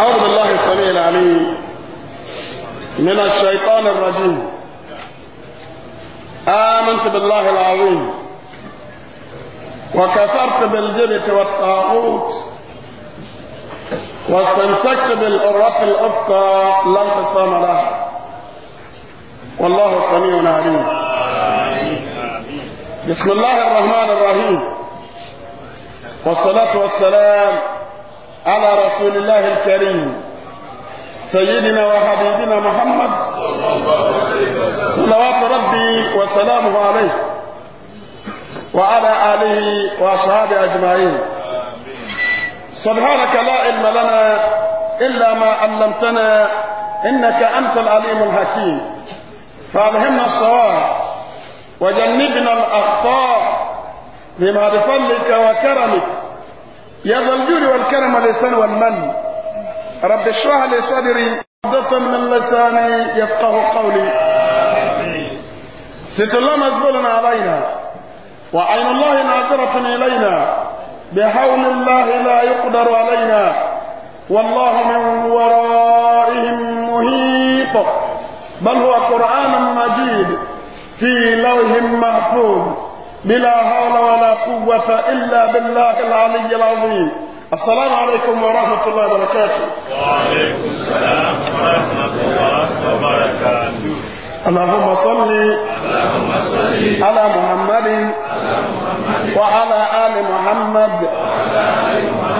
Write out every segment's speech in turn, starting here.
أعوذ بالله السميع العليم من الشيطان الرجيم آمنت بالله العظيم وكفرت بالجبت والطاغوت واستمسكت بالعروة الأفقى لا انقسام لها والله السميع العليم بسم الله الرحمن الرحيم والصلاة والسلام على رسول الله الكريم سيدنا وحبيبنا محمد صلوات ربي وسلامه عليه وعلى آله وأصحابه أجمعين سبحانك لا علم لنا إلا ما علمتنا إنك أنت العليم الحكيم فألهمنا الصواب وجنبنا الأخطاء بما بفضلك وكرمك يا ذا الجود والكرم لسان والمن رب اشرح لي صدري ضبطا من لساني يفقه قولي ست الله مزبول علينا وعين الله ناظرة إلينا بحول الله لا يقدر علينا والله من ورائهم مهيط بل هو قرآن مجيد في لوح محفوظ بلا حول ولا قوة إلا بالله العلي العظيم السلام عليكم ورحمة الله وبركاته وعليكم السلام ورحمة الله وبركاته اللهم صل اللهم صل على محمد على محمد وعلى آل محمد وعلى آل محمد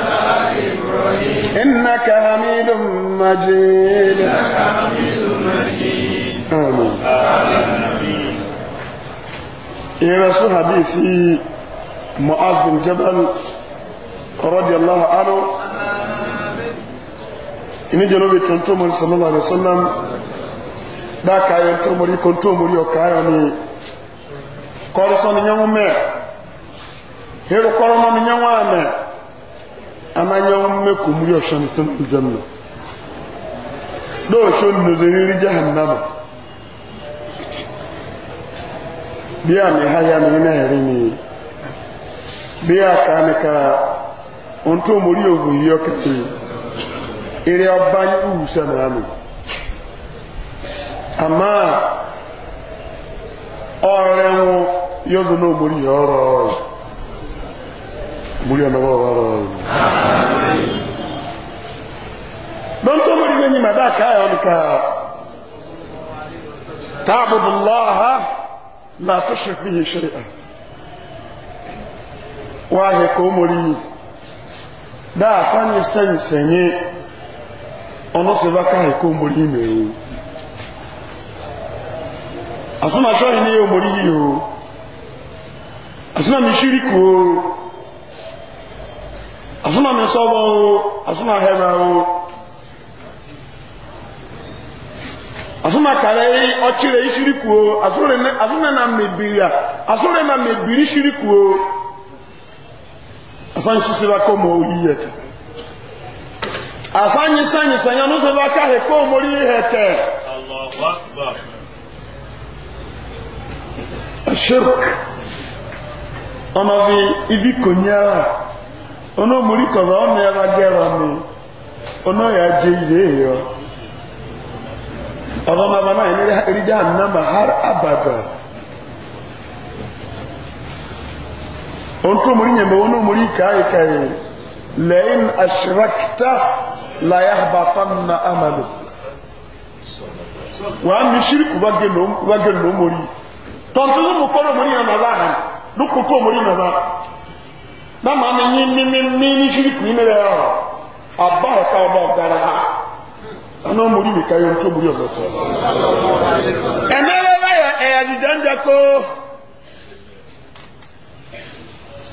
إنك حميد مجيد إنك حميد مجيد آمين آمين إلى حديث معاذ بن جبل رضي الله عنه ini jẹ́ lóbi tuntun mọ́rí sallallahu alaihi wasallam dáka ayọ́ tó mọ́rí ni ni amanya ome ko muri oshani sun aljanna do oshon no zehiri jahannama biya me haya me na heri ni biya kanaka onto muri ihe yo kete ere oba usa na anu ama ọrẹ wọn yóò zo náà mórí ọrọ ọrọ múlíọ̀nà wọ́n rọrọ̀ ọ̀rọ̀ don tó mọ̀rí wẹ́nyí màdá káyọ̀ nìka tábùdùláha na tó ṣe fi hì ṣe à wá hì kó mọ̀rí dáa sáyé sẹ́yìn sẹ́yìn ọ̀nà sì bá káyọ̀ kó mọ̀rí mẹ́rin àsúnmọ̀ ṣọ́rin ní yóò mọ̀rí o o asuna mi sɔbɔ o asuna hɛrɛ o asuna kare yi ɔkyerɛ yi siriku o asuna na mebiri a asuna na mebiri siriku o asan sisi ba kɔ ma o yi yɛ asan nyisa nyisa nyanu sɛ ba ka hɛ yi mori hɛ tɛ ashirk ɔnabi ibi konya. ono omuli koba ono yabagerami ono yajeire eyo abama banaye eri jahannama har abada ontu omuli nyembe wono omuli kayekaye lain ashrakta layahbatanna amaluk wàmí ṣíríkù bá gẹ̀lú omori tọ́ntún mú kọ́lọ̀ omori yàn na hàn lókùtù omori na ba na maame yi mmiri shiriku mere ya aba ọka ọba ọgara ha ana ka ya otu omori ọzọ emeela ya ẹyadida njako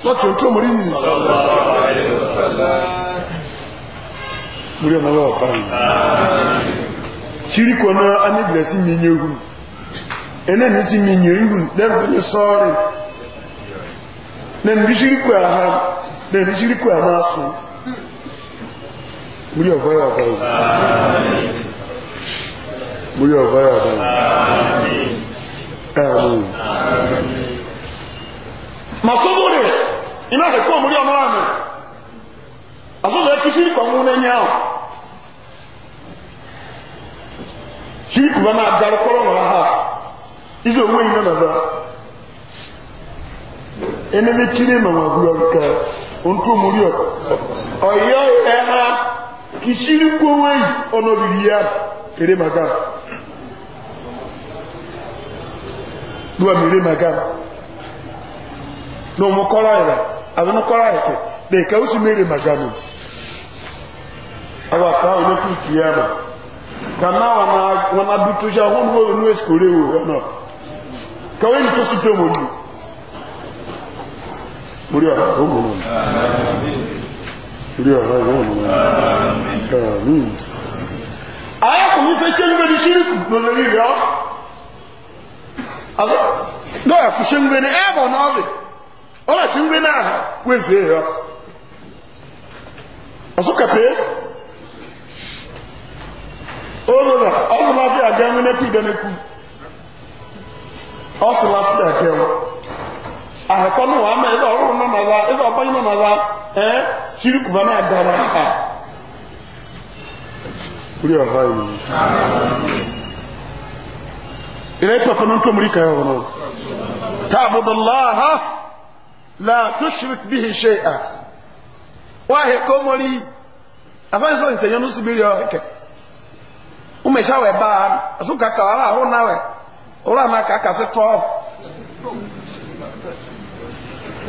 otu omori ni nsọ omori ọmọ ya ọba yi shiriku ihu ene ihu na mbishiriku ya ham na mbishiriku ya masu muri ọ̀fọ́yà ọ̀fọ́yà muri ọ̀fọ́yà ọ̀fọ́yà amen masọ́bù rẹ̀ iná ẹ̀kọ́ muri ọmọ àmì asọ́bù ẹ̀kí síríkọ̀ mú n'ẹ̀yà ọ̀ ha izu onwe yìí na ene ne kyire ma wa gura ka onto muri o oyo eha kishiri ko wei ono bibiya tere maga duwa mire maga no mo kora ira abi no kora ike de ka usi mire maga no awa ka ono ku kiyama kama wana wana bitusha hono no eskore wo no kaweni tosito mo ni orí ọ̀rọ̀ ọ̀rọ̀ orí ọ̀rọ̀ ọ̀rọ̀ ọ̀rọ̀ ayakùnrin fẹ́ ṣe ń gbé ní ṣíríkù lórí rẹ̀ ọ́ lọ́yà kù ṣe ń gbé ní ẹ̀bọ̀ náà rẹ̀ ọ̀rọ̀ ṣe ń gbé náà wéfèé rẹ̀ ọ̀sùkẹ̀pẹ́ olùrà ọ̀sùn láfíà gẹ́mú ní pìdánekú ọ̀sùn láfíà gẹ́mú ahakɔ no ama nọ e, na za ɛdɛ ɔbɛn no na za siri kuma na da na ha kuli ɔha yi ɛdɛ kpɛkɔ no ntɔ muri kan wɔn taabudullaha la tushirik bihi shay'a wahe komori afɛn umesha baa na na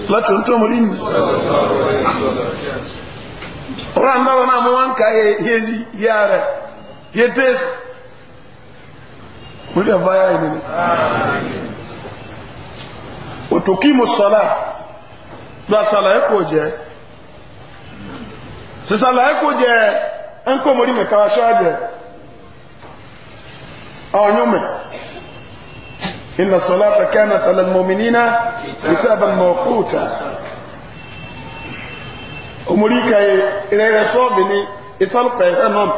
láti ohun tó mọ̀ rí ni. ọ̀rọ̀ àmọ́rọ̀ náà mo wá ń ka yéèyí yá rẹ̀ yé tẹ́sí. mo rí ẹ̀fọ́ ayá yìí nínú. òtòkí mo sọlá gba sàlàyé kò jẹ́ sísàlàyé kò jẹ́ ẹ̀ ń kó mo rí mẹ́ka aṣọ àjẹ́ ọ̀nyọ́mẹ́. إن الصلاة كانت على المؤمنين كتابا موقوتا أمريكا إلى صوبني إسالك إرنام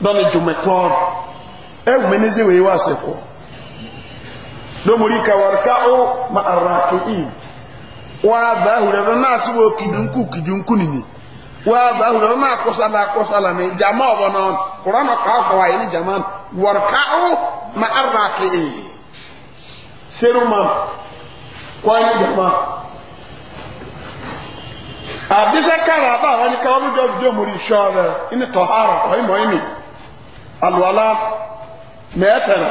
دون جمتون أو منزي ويواسكو لأمريكا واركعوا مع الراكعين واباهر الناس وكدنكو كدنكو نيني واباهر الناس كسالا من جماعة ونان قرآن قاقوا إلي جماع واركعوا مع الراكعين seruma kwan jama abisa kara ba wani ka wani dɔ do muri sɔɔbɛ ini tɔhara ɔyi mɔyi mi alwala mɛɛtɛnɛ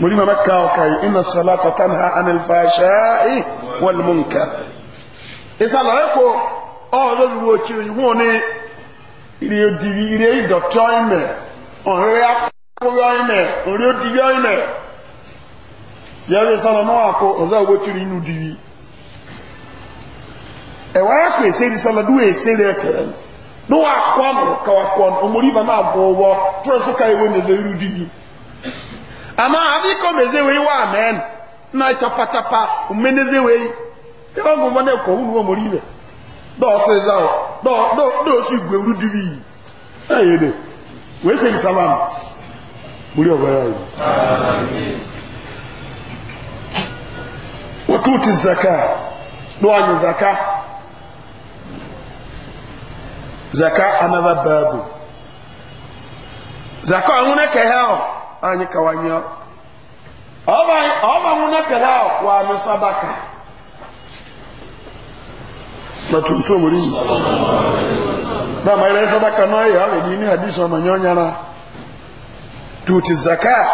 muri mama kaw kai ina salata tanha anil fashai wal munkar isa lɔye ko ɔɔdɔ duwo kiri hu ni ire diwi ire dɔtɔn mɛ ɔhɛrɛ yọ́ìnẹ̀ orí ó ime ya yẹ́rẹ́ sọ́nà náà kó ọ̀dọ́ owó kiri inú di yí ẹ̀wà ẹ̀kọ́ èsè ní sọ́nà kere n'ụwa rẹ̀ tẹ̀rẹ̀ na wọ́n akọ́ àmọ̀ ka iwe ìfà iru bọ̀ ọwọ́ tó ẹ̀sùn ká ìwé nìyẹn irú di yí àmọ́ àfikọ́ muri amen watuti zaka ni zaka zaka another babu zaka angune kehao anyi kawanyo ova ova ngune kehao wa misabaka matumtu muri na maelezo sadaka nayo hawe dini hadisi manyonya na tuuti zaka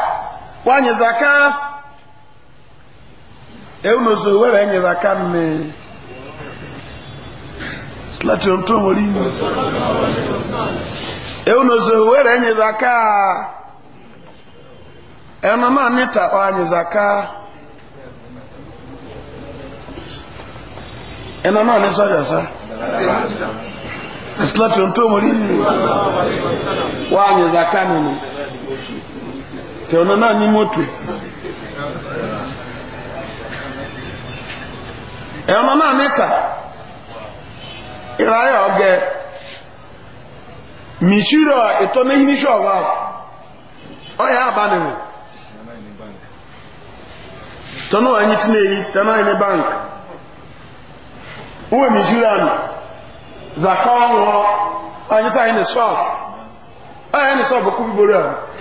wanye zaka eunozo were enye zaka mme slati ontomori eunozo were enye zaka enoma nita wanye zaka enoma ne soja sa slati ontomori wanye zaka nini tẹ̀wọ́n náà ní mọ́tò ẹ̀wọ́n náà níta ìráyà ọgẹ mìṣírò ètò ní iníṣẹ́ ọ̀wá ọ̀yà àbánirò tọ́nà ẹ̀yìn tí ní èyí tẹ́nà ẹni báńkì wọ́n mìṣírò àmì zakọ́ wọn ẹ̀yìn sáyẹn ní sọ́ọ̀ ẹ̀yìn ní swap bọ̀kú bíborí àmì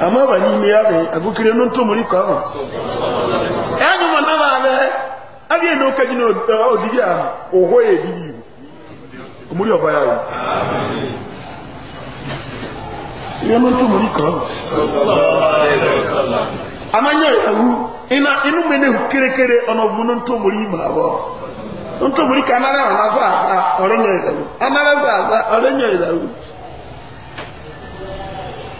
ama ba n'ime ya bụ agụkiri n'ntomori ahụ enyi m na na-abịa abịa na oke ji na ya ebibi igbo omori ọba ya bụ ihe n'ntomori ka ahụ amanya ewu ina inu mene kerekere abụọ anara ahụ na asa asa ọrịnya ịdawu anara asa asa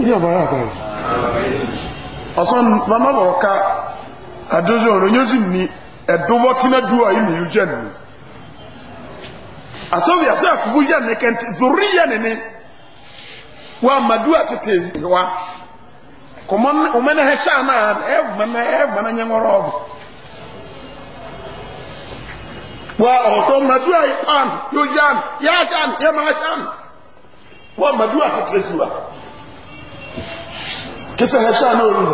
ilé ọmọ yà bẹ̀rẹ̀ ọ̀sán mama bọ̀ ká àdójọ́ òròyìn sì ní ẹ̀dọ́wọ́ tí náà dúwà yìí nìyú jẹ́ nù asọ́bì àti àkùkù yẹ ní kẹ́ntì zorí yẹ nìní wọ́n àmàdúwà tètè wá kòmọ́nà ẹ̀ ṣáà náà ẹ̀ mọ̀nà ẹ̀ mọ̀nà yẹn wọ́rọ̀ ọ̀bù wa ọ̀tọ́ màdúwà yìí pan yóò yàn yá yàn yẹ máa yàn wọ́n àmàdúwà tètè zuwa kisa hɛ hyɛn n'olu na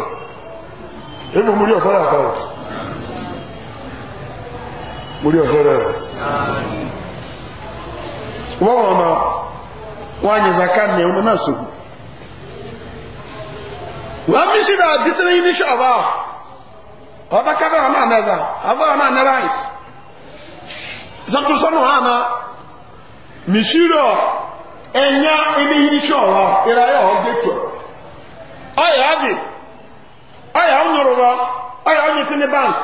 ebi mu yɛ ɔfɔlɔ akɔn mu yɛ ɔfɔlɔ yɛ wɔn wɔn na wɔn zaka nea wɔn na so wɔn mi si na bisiri yi ni hyɛ ɔba ɔba kaka wɔn na nɛza ava wɔn na nɛ rice zato sɔnu hã na mi si rɔ ɛnya ebi yi ni hyɛ ɔba ira yɛ ɔba etu. ọyà adì ọyà Ọ ọyà ọnyụtụ ní bank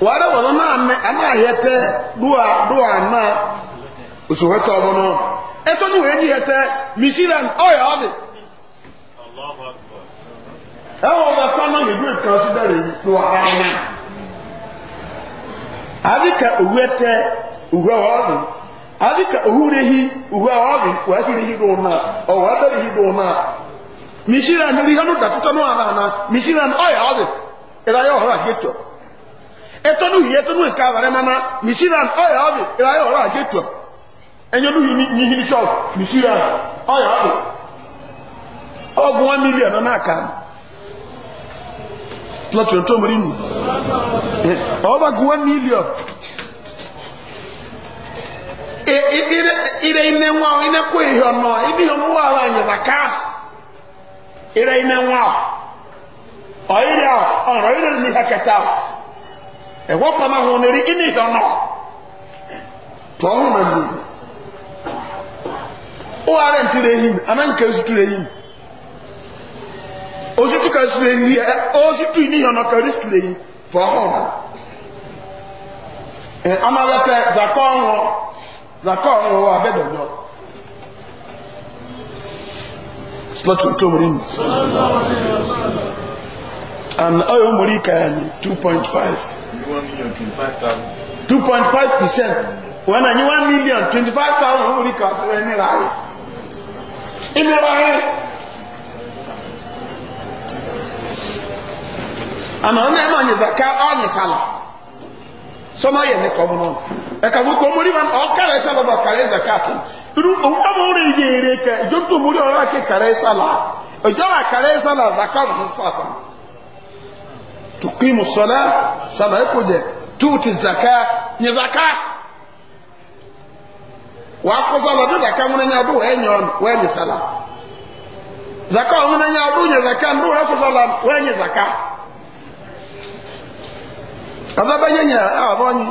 wàdà wọlọ náà mẹ anáhìẹtẹ dùwà ama náà òṣùwẹtẹ ọbọ náà ẹtọ ní wòye ọ mìsíràn ọyà adì ẹ wọ bẹ fún yìí grace kan sí bẹrẹ yìí ka owu ẹtẹ òwú ẹwà alika ohurehi uhu awabin wahirehi dona owabarihi dona mishiran rihanu datutanu anana mishiran ayaze irayo ora geto etonu hi etonu iska bare mana mishiran ayaze irayo ora geto enyonu hi ni hi shop mishiran ayaze ogun million na aka Tụtụtụ to mari ni oba 1 million ire ime nwa ine ihe ọnọ ibi ihe ọmụwa ahụ anyị ire ime nwa ọrịa a ire keta ewepụ na ahụ nri ine ihe ọnọ tụọ hụ na mmiri ụgharị ntụrụ ehi m ka zụtụrụ ehi ya e, ozutu ka ehi tụọ zakɔ ɔwɔ wa bɛ dɔjɔ slɔtun tó mu nimu and ɔyɔ mori kaya ni two point five two point five percent wọn na nyi one million twenty five thousand mori kaya sɛ ɛni ra yi ɛni ra yi ana ɔna ɛma nyi zaka ɔnyi sala sɔma yɛ ne kɔmu náà. ẹ̀ka fún kọ́ mórí wọn ọ̀kàrẹ́ kare bá kàrẹ́ zakati irú òun náà wọ́n rẹ̀ yé eré ká ìjọ tó mórí ọ̀rọ̀ àti kàrẹ́ sálà ìjọ wà kàrẹ́ sálà zakati fún sàṣà tukí musọlá sálà ẹ̀kọ́ jẹ tuuti zaka nyẹ zaka wà á kó sálà ọdún zaka wọn nyẹ ọdún wẹ́ẹ́ nyọ wẹ́ẹ́ nyẹ sálà zaka wọn nyẹ ọdún nyẹ zaka ọdún wẹ́ẹ́ kó sálà wẹ́ẹ́ nyẹ zaka ọdún bẹ́ẹ̀ nyẹ nyẹ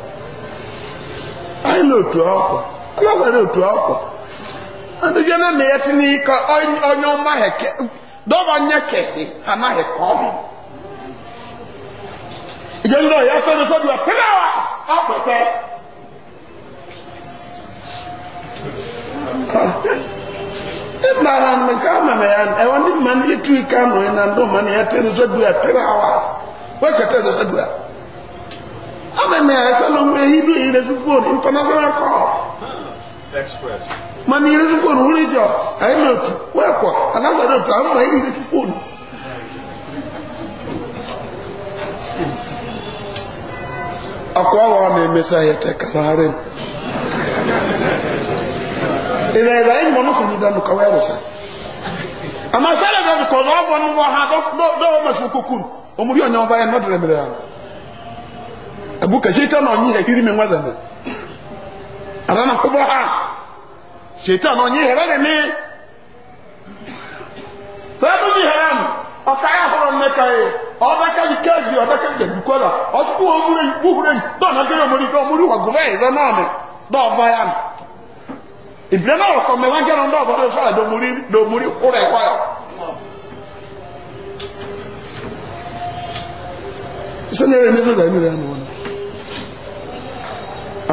anyị n'otu ọkụ, ọkwa alọzara otu ọkwa adịghị na mmeghe tinye ka onye ọma heke dọba nye kehe anaghị ka ọ bụ ìjọ ndị ọyọ afọ ndị sọdụ ọpịla apụta mara nke ama na ya ewa ndị mma ndị tu ike anọ ya na ndụ ọma na ya tere dua ya tere awas wekọta ndị sọdụ amẹ̀mẹ̀ ẹ̀sẹ̀ lọ mú èyí dùn ìrẹsì fóònù international call express ma ní ìrẹsì fóònù wúrí jọ àìlòtù wẹ́ẹ̀kọ̀ alágbàdọ̀tù àwọn ọmọ ìrẹsì phone Akwa ọwọ́ na-emesa ya tekabaarin ìrẹ̀ ìrẹ̀ ẹ̀yìn mọ̀ lọ́sùn nígbà nù kọwẹ́ rẹ̀ sẹ́ àmà sẹ́lẹ̀ sẹ́lẹ̀ kọ̀ lọ́wọ́ nù wọ́n ha dọ́wọ́ mẹ́sùn kókùn aguka shaitan onyi hiri me ngwaza me arana kuba ha shaitan onyi herere me sabu ji haram akaya horo e. me kai ọdaka yi bi ọdaka yi kẹbi kọla ọsùkú wọn múre yìí wúhure yìí dọ́ọ̀ náà kéré omori dọ́ọ̀ omori wà gọ́fẹ́ ẹ̀zẹ̀ náà mi dọ́ọ̀ bá yà mi ìbílẹ̀ náà ọkọ̀ mẹ́wàá ń kẹ́rọ̀ dọ́ọ̀ bọ́dọ̀ sọ́ọ̀rọ̀ dọ́ọ̀mori dọ́ọ̀mori kúrẹ̀ wáyọ̀. sẹ́ni ẹ̀rẹ́ mi ló dà mí rẹ̀ nù wọn.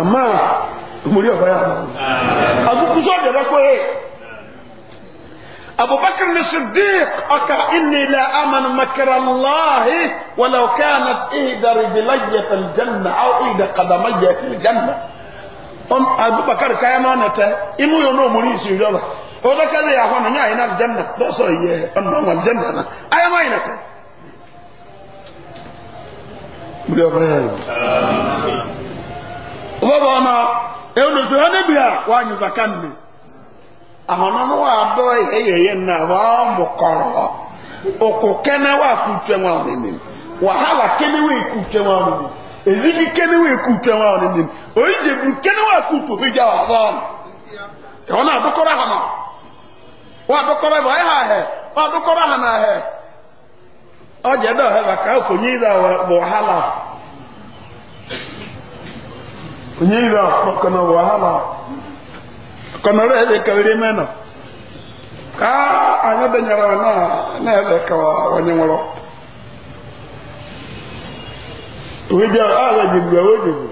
àmà òmòrí ọ̀bá yà máa àbúkúsọ́ ọ̀dẹ̀dẹ̀ kó yẹ abubakar ni sadiq ọkà inni la aman makara allahi wala kanat ihda rijlayya fil janna aw ihda qadamayya fil janna on abubakar kaya ma nata imu yo no muri si yo ba o da kaze ya hono nya ina aljanna do so ye on no wal janna na aya ma ina ta muri ba ya amin ụbọbọ ọnọ ewudosi ha n'ebi a wanyị zaka nne ahọnọnụ wa ihe eheyeye nna wa ọmụkọrọ ụkụ kene wa kutwe nwa ọnịnị wahala kene wa ekutwe nwa ezigi kene kene ọ na ha nọ wa adọkọrọ ha na onyeira kana wahala kana rere kawere na kaa anya benyara na na ebe ka wanye nworo wija ala jibwa wajibu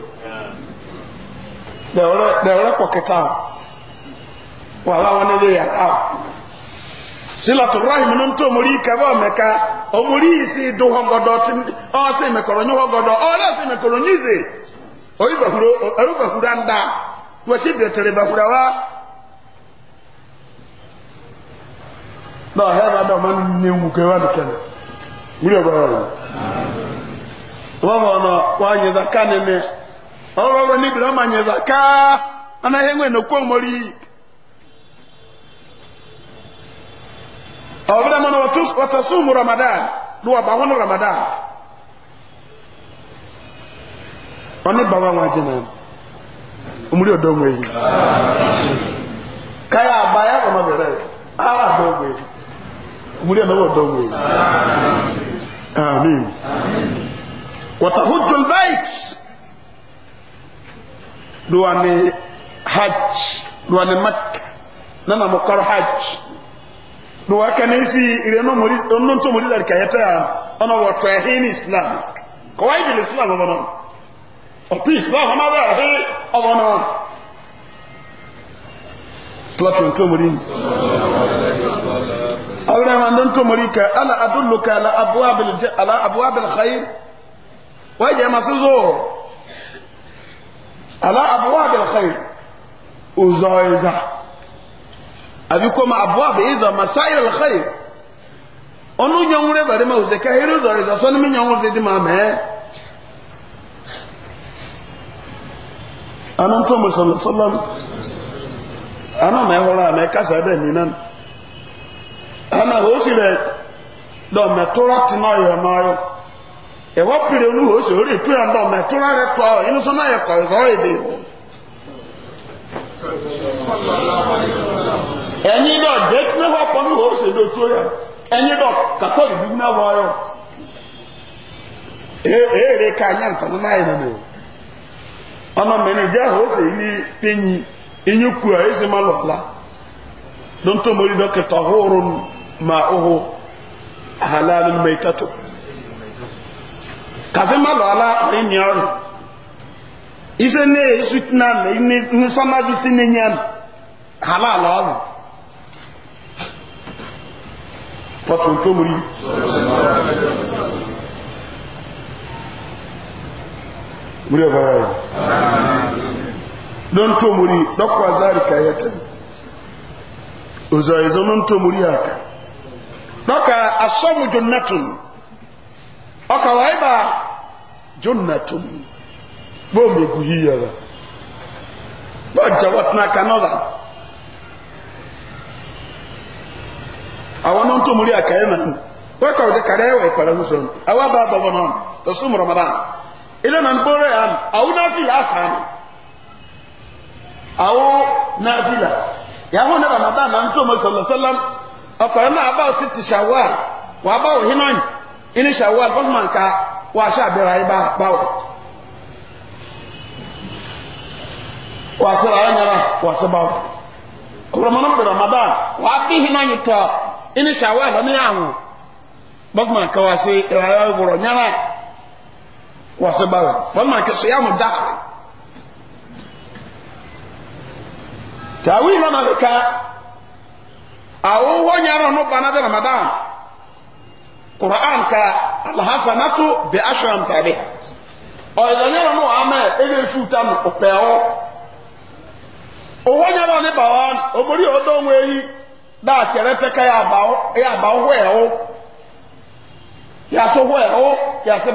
da ora da ora kwa kita wala wana de ya a silatu rahim non to muri ka ba meka omuri si do hongodo o se mekoro nyo hongodo o le se mekoro nyize orubahura nda wasibiretere bahura wa n'ọhịa na-ada ọma nne nwuke wa nukene mmiri ọbara ọrụ wọ́n mọ̀ wọ́n nyẹ̀dà ká nínú ọ̀rọ̀ ọ̀rọ̀ níbi ọmọ nyẹ̀dà ká anaghị enwe na okwu ramadan ramadan ɔne ba wa ŋmaa gyina mu omuli ɔdɔ mu eyi kaya abaya ɔma bɛrɛ a ɔdɔ mu eyi omuli ɔna ɔdɔ mu eyi amin wɔtaho jolbait do wa ne hajj do wa ne mak na na mo kɔrɔ hajj do wa kɛnɛ si ire no mori ɔno nto mori lari kayɛtɛ a ɔna wɔtɔ ɛhin islam kɔwa ibi islam ɔbɔ náà ọ̀tún islam amára ẹ̀hẹ́ ọwọ́ náà slatun tomori awon ẹ̀wọ̀n don tomori kẹ ala adúlùkẹ ala abuwa bilkhayir wọ́n jẹ́ masu zuwa ala abuwa bilkhayir ọzọ ẹza àbí kọ́ ma abuwa anan tó mọ̀ sọ̀lọ́sọ́lọ́m anan mẹ́ họ́rọ̀ àmẹ́ kásá bẹ́ẹ̀ ní náà anan ó tina rẹ̀ dọ̀mẹ̀ tóra tì náà yẹ máa yọ ẹ̀wọ́ pèrè onú ó sì orí ìtú yẹn dọ̀mẹ̀ tóra rẹ̀ tọ́ inú sọ náà yẹ kọ̀ ìrọ̀ èdè ẹ̀yin dọ̀ jẹ́ tí wọ́n pọ̀ ní ó sì lójú yẹn ẹ̀yin dọ̀ ama mene ja hose ni penyi inyuku a ese malwala don to mori doke tahurun ma uhu halalul maitatu kaze malwala ni nyaru ise ne yesu tina ne ni sama bisi ne nyam halal awu patunto mori sallallahu alaihi wasallam muri abayayi don to muri dokwa zalika yatan uzaizo non to muri haka doka asamu jannatun aka waiba jannatun bo me guhiya ba ba jawat na kanola awon non to muri haka yana wakaw de kare wa ipara muson awaba babo non to sum ramadan ina na mbore ya au nafila afam au nafila ya ho na bamada na nto mo sallallahu alaihi wasallam akara na aba siti shawwal wa aba o hinan ini shawwal bas man ka wa sha bira iba bawo wa sira nyara wa sabawo kuma mana da ramadan wa bi hinan ita ini shawwal ne yawo bas man ka wa si rayuwa goro nyara wọ́sẹ̀báwẹ̀ wọ́n máa so yá mọ̀ dáàrí tàwí ìlànà lẹ́ka àwòwò nyàrá ọ̀nà bá ramadan ka alhassanatu bi ashram tàbí ọ̀yẹ̀dọ̀ nyàrá ọ̀nà àmẹ́ ebe efu tam ọ̀pẹ̀ọ́ òwò nyàrá ọ̀nà bàwá ògbórí ọ̀dọ́ ọ̀nwó yà àbáwọ̀ yà wọ̀ yà sẹ́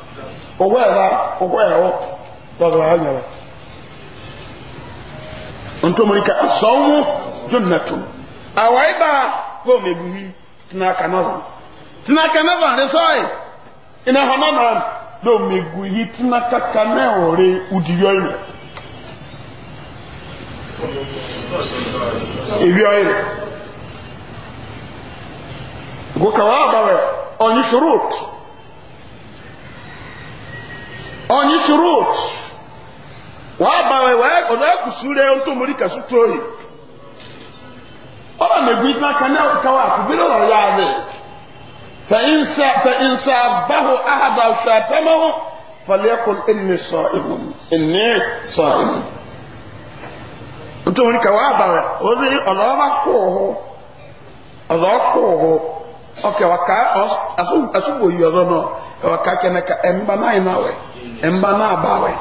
owó ẹ̀rọ ha ẹ̀rọ lọ́dọ̀ ka asọ́wọ́ jọ́nàtò àwọn ibà kó mẹ́gu yìí tena kanava tena kanava rẹ sọ́ọ̀yì ina hàn náà ló mẹ́gu yìí tena kaka náà rẹ udiyọ́ rẹ ìwíọ́ rẹ onye shurut wabawe ọdọ ekwusure ntomori oyi Ọ mẹgbẹ ibi aka ní ọkọwa akubiri ọrọ ya adị fẹyinsa fẹyinsa abahu ahada ọsàtẹmọhụ fọlẹkùn ẹni sọ ihu ẹni sọ ihu ntomori ka wabawe ọdọ yi ọzọ nọ mba na-abawe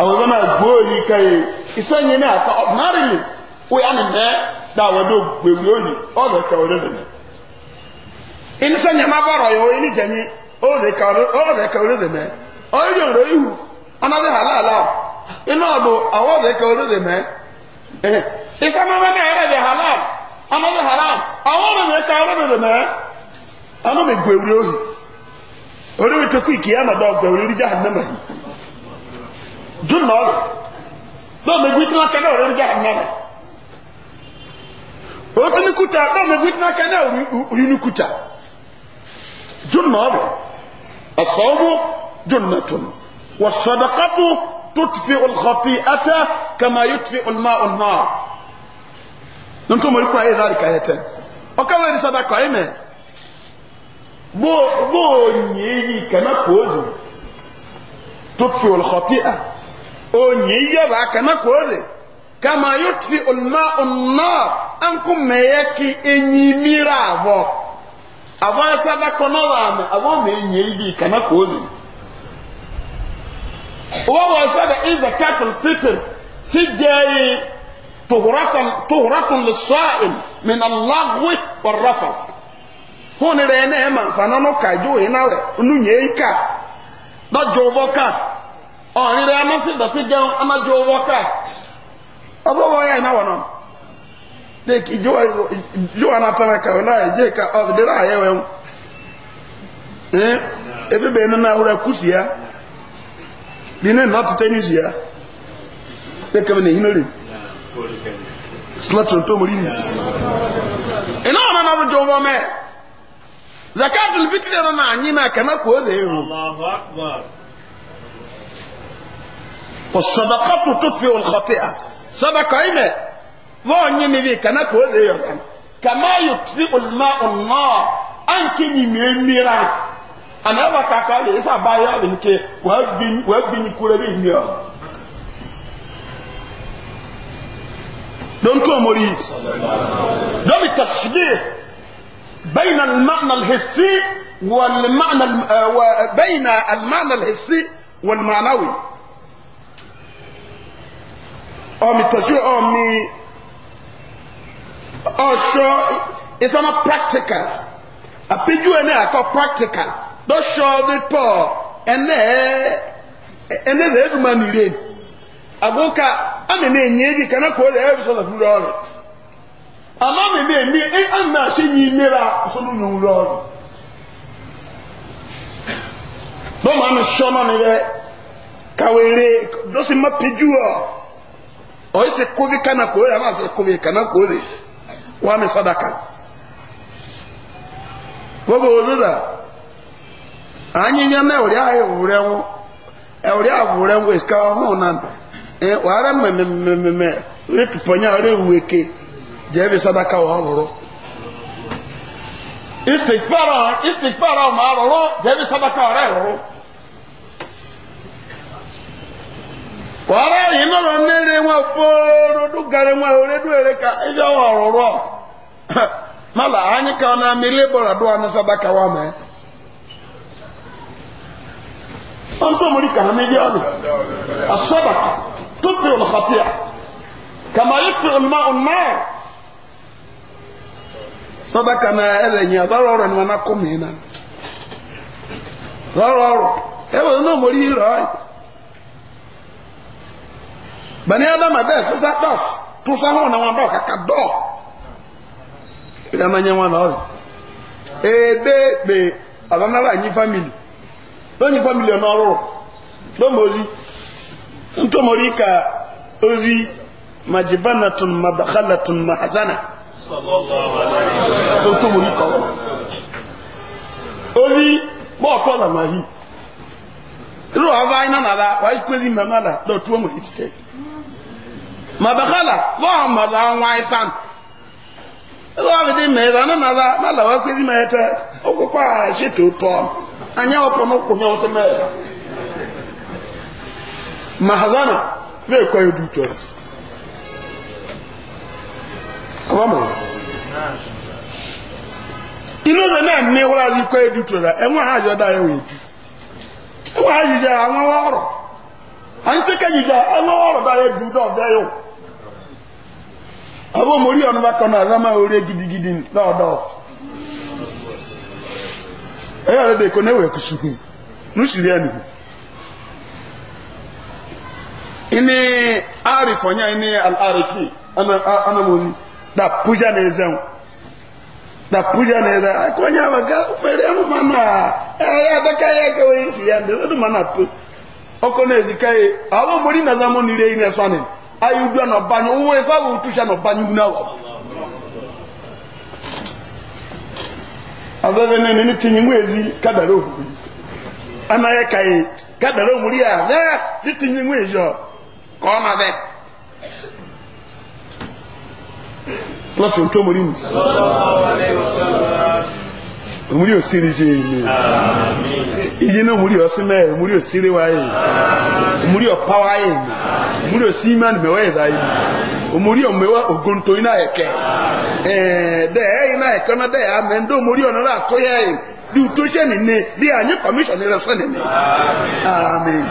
àwọn náà gbóòyì kẹyì ìsẹ́yìn náà kọ ọ̀nàrìlì wíyá ni mẹ́ dáwọn ló gbèwì òyì ọ̀rọ̀ kẹwọ́ lónìí mẹ́ ìníṣẹ́yìn máa bọ̀rọ̀ yòó yìí níjẹ̀mí ọ̀rọ̀ kẹwọ́ lónìí mẹ́ ọ̀rọ̀ yòó ihu ọ̀nàbí halala iná ọ̀dọ̀ ka ọ̀rọ̀ kẹwọ́ lónìí mẹ́ ìfẹ́ mẹ́mẹ́ olórí tó kú ìkìyà náà dọ́gba olórí jahannama yìí dùn náà rẹ̀ náà mẹ gbé tínáka náà olórí jahannama o tún ní kúta náà mẹ gbé tínáka náà oyún ní kúta dùn náà rẹ̀ asọ́wọ́ dùn náà tún wà sọ̀dọ̀kátó tó ti fi olùkọ́pì ata kama yóò ti fi olùmọ́ olùmọ́ nítorí mo rí kúrò ayé dárí kàyẹ́tẹ́ ọ̀ká wẹ́rẹ́ sọ́dọ̀kọ̀ ayé mẹ́rin. bóònyìí kẹmẹ kóòzù tufi olùkọtí à ònyìí yọba kẹmẹ kóòzù kama yóò tufi olùmọ ọ̀nà ànkú mẹyẹ kí ẹnyìn mìíràn àbọ àbọ sábà kọ́nà wàmì àbọ mẹyìn yìí kẹmẹ kóòzù wọ́n wọ́n sábà ìzà kátó fitr sí jẹ́yìí tuhuratun tuhuratun lè sọ́ọ̀ìn mìíràn lágùn wọ́n ráfàsì. hone re ne ma fana no ka jo ina we nu nye ka do jo bo ka o ni re ma si do ti je ama jo bo ka obo wo ya na wo no de ki jo jo ana ta ka na je ka o de ra ye we eh ebe be na ura kusia ni ne not tennis ya de ka hinori to mo ni ina na bo me زكاة الفطر na na anyị ma kana ko ze ihu Allahu تطفئ الخطيئة صدقة إيمة ما نبي كنا كوزي يوم كما يطفئ الماء النار أنك نميرا أنا أبقى ليسا بايا بنك وابن كوربي ميو دون توموري دون التشبيه بين المعنى الحسي والمعنى بين المعنى الحسي والمعنوي أمي تشوي أمي أشو it's not practical apiju ene akọ practical do show the poor ene ene the edumani rain agoka amene enyeji kana ko the episode of the ama mi de e ama se nyi a so no nyu ro do ma no kawere do se ma peju o o e e e se kana ko ama se ko kana mi sadaka gbogbo anyị anyịnya na ewuri ahụ ewuri nwụ esika ọhụụ na mmemme mmemme ewu eke jẹ́bi sadaka wà rọrọ istikfara istikfara wà rọrọ jẹ́bi sadaka wà rọrọ wàrà yìí nọ̀rọ̀ nílé wọn fóró dúgarẹ wọn òrédú ka ká ebi wà rọrọ mala ka ọ na-amị lebọra dụ anụ sadaka mori ka kama ma sọba na ẹrẹ yẹn lọrọ ọrọ ni na lọrọ ọrụ ẹ wọ inú ọmọ yìí bani adama bẹẹ sísá dọf túnṣá hàn náà wọn dọ kàkà dọ ìdáná yẹn wọn lọrọ ka ozi majibanatun madakhalatun mahazana. tó tó mo ní kọ́ na ní bọ́ọ̀tọ́ là máa yí irú ma iná nàrà ma kó ní màmá là lọ́ọ̀tún ọmọ yìí ti tẹ̀ mabakala bọ́ọ̀ ma wọn àìsàn lọ́wọ́ di mẹ́ta nínàlá mọ́làwọ́ pé ní mahazana bẹ́ẹ̀ ọmọ inú rẹ̀ náà ní wọ́n rí kọ́ edu tó rẹ̀ ẹ̀wọ̀n àjọ dá ẹ̀wọ̀ edu ẹ̀wọ̀n àjọ jẹ́ àwọn ọ̀rọ̀ à ń sẹ́kẹ̀ yìí dá àwọn ọ̀rọ̀ dá edu dọ̀ bẹ́ yóò àwọn ọmọ orí ọ̀nà bá kọ́ náà orí gidigidi lọ́ọ̀dọ̀ ẹ̀yà rẹ̀ dẹ̀ kọ́ náà wẹ̀ kùsùkù dapuja neza dapuja neza akonya baga mere mana eh abaka yake we siyande ndo mana pu okone zikaye abo muri nazamo nile ine sane ayudwa no banyo uwe sabu utusha no banyo nawo azave ne nini tinyimwezi kadaro anaye kai kadaro muri ya ya ọ na vet láti ohun tó mọ̀ nínú òmúrí òsírí jẹ́ ilé iye náà òmúrí ọsí mẹ́rin òmúrí òsírí wáyé òmúrí ọ̀pá wáyé òmúrí òsí imán mẹ́wẹ́ ìzá ilé òmúrí ọ̀mẹ́wẹ́ ògóntó iná ẹ̀kẹ́ ẹ̀ẹ́dẹ́ iná ẹ̀kẹ́ náà dẹ́ àmẹ́ ndó òmúrí ọ̀nà rà tó yẹ ẹ̀ bí o tó ṣe nìyẹn bí àyè kọmíṣọ̀ ní rẹ sọ́ni mi amen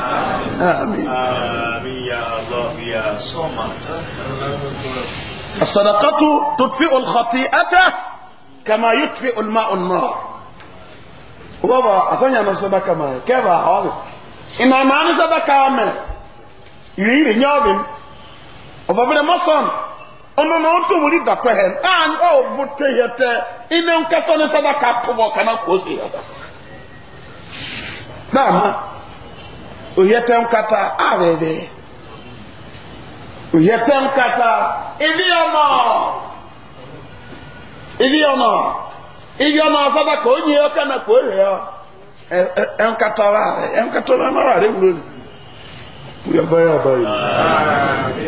amen. amen ya allah ya sọ́mà. الصدقة تطفئ الخطيئة كما يطفئ الماء النار بابا أصنع من صدقة ما كيف أحوالي إن أنا أنا صدقة ما يريد نيابين وفافنا مصان ọmọ náà tó wọlé dàtọ hẹ náà ní ọ bó tẹ yẹ tẹ iná nkẹtọ ní sadaka kọbọ kaná kó sí yẹ náà má òyẹ tẹ nkata ààrẹ rẹ òyẹ tẹ nkata ibi ọmọ ibi ọmọ ibi ọmọ afaba kò nyi ọkà na kò rè ọ ẹ nkatọ mara rẹ wúlò ni. yaba yaba yi.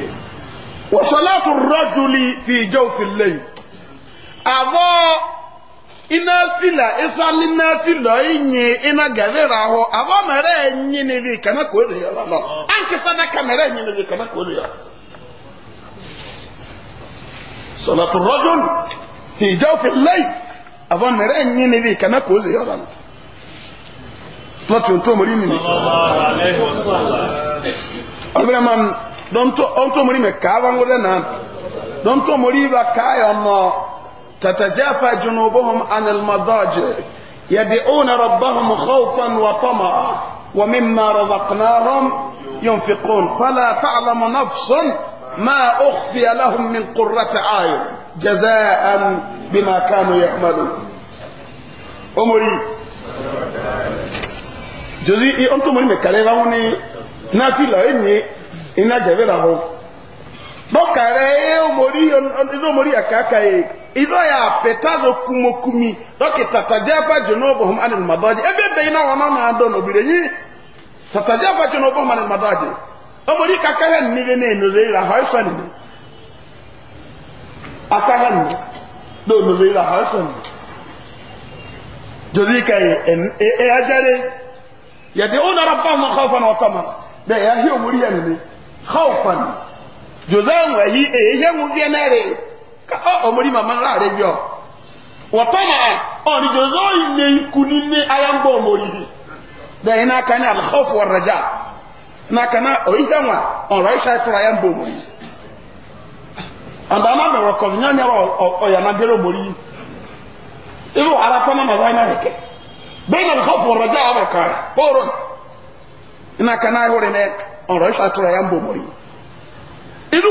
wasalatu rajuli fi jawfi lẹyi avọ iná fila isali iná fila inyi iná gẹ̀dẹ̀rẹ̀ ahọ avọ mẹrẹ ẹ̀yìn níbi kànáà kò rè ọ lọ ànkì sadaka mẹrẹ ẹ̀yìn níbi kànáà kò rè ọ. صلاة الرجل في جوف الليل أظن رأني نبي كما كوزي رب صلاة ينتو مريني صلى الله عليه وسلم أبرا من دونتو مريني كابا مريني دونتو مريبا كاي تتجافى جنوبهم عن المضاجع يدعون ربهم خوفا وطمعا ومما رزقناهم ينفقون فلا تعلم نفس ما أخفي لهم من قرة عين جزاء بما كانوا يعملون أمري جزي أنتم مريم كلامني نافلة إني إنا جبره dɔkare ye omori ye omori akaka ye idɔ ya peta do kumokumi dɔki tatadze afa dzono bɔ hom ani madɔdze ebe bɛyi na wɔn na do nobire nyi tatadze afa dzono bɔ hom ani madɔdze ọmọdé kakahẹ nílé ní ìnòlè ìlà hàn ẹsẹ nìyẹn akahẹ nù ní ìnòlè ìlà hàn ẹsẹ nìyẹn jòdì ka yẹ ẹ ẹ ajẹrẹ yẹdi ó nara bá ọmọ káwọn fana ọtọ ma bẹẹ yà hí ọmọdé yẹn nìyẹn káwọn fana jòdì àwọn ẹyí ẹyẹ yẹ ń wúdiẹ náà rẹ ká ọ ọmọdé màmá rà rẹ jọ wọtọ ma ọ ní jòdì ó yìí lé ikú ní ní ayé ń bọ ọmọdé bẹẹ yìí náà ká n'aka na oyiga nwa ọrụ ịsa ya mba omori amba ama mere ọkọzi nyere ọya na mbere ịrụ na ọrụ anaghị eke bẹ́ẹ̀ náà kọ́ fọ̀rọ̀ jẹ́ àwọn ọ̀kà pọ́ọ̀rọ̀ n'aka na na ọrụ ịsa ya mba ịrụ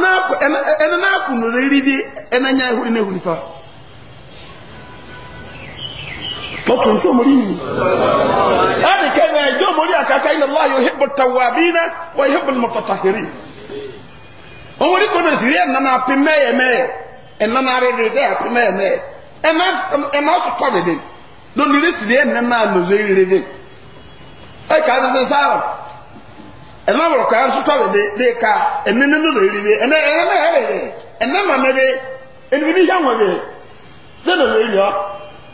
na ịna na ẹnanya ehuri na lọ́tún tó mọ̀rí yìí láti kẹ́rin ẹjọ́ mọ̀rí àkàkà iná láàyò hebo tawabina wà hebo mọ̀tàtàhìrì wọn wọlé kọ́nà ìsìrí ẹ̀ nana api mẹ́yẹ mẹ́yẹ ẹ̀ nana arẹ́rẹ́ dẹ́ api mẹ́yẹ mẹ́yẹ ẹ̀ má sọ tọ́ dẹ́dẹ́ lónìí ní ìsìrí ẹ̀ nana ànàzọ ìrẹ́rẹ́ dẹ́ ẹ̀ ká ẹ̀sẹ̀ sáà ẹ̀ má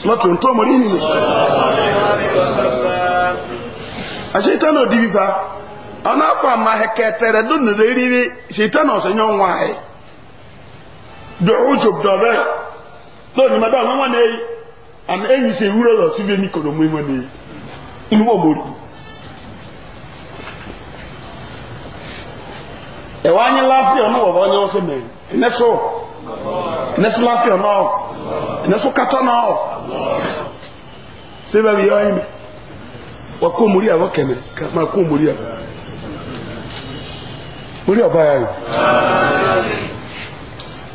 sọlọ́tù ń tọ́ mọ̀rí nìyẹn. àṣetán ò dìbí fa ọ̀nà àpò àmà hẹkẹtẹrẹ lónìí rẹ rí rí ṣetán na osenye onwa ayé do jò dọ̀bẹ́ lónìí mọ̀dá àwọn wọn ẹ̀yìn àmì ẹ̀yìn ṣe ìwúrọ̀ lọ síbi ẹni kọ̀dọ̀ mú ìmọ̀ nìyẹn inú wọ̀ mọ̀rí. Ewa anyi láfíà ọ̀nà wọ̀ bọ̀ ọ̀nyẹ́ wọ́n fẹ́ mẹ́rin ẹ̀nẹ́sọ̀ ẹ̀nẹ́sọ̀ ina so nao sebe bi yoyime abo kene ma ko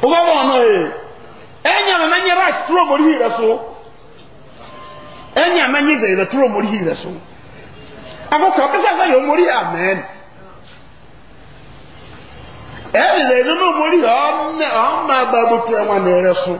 oba mo no e enya me menye ra tro muri hira so enya menye ze ra tro muri hira so yo muri amen ẹ̀rì lẹ́nu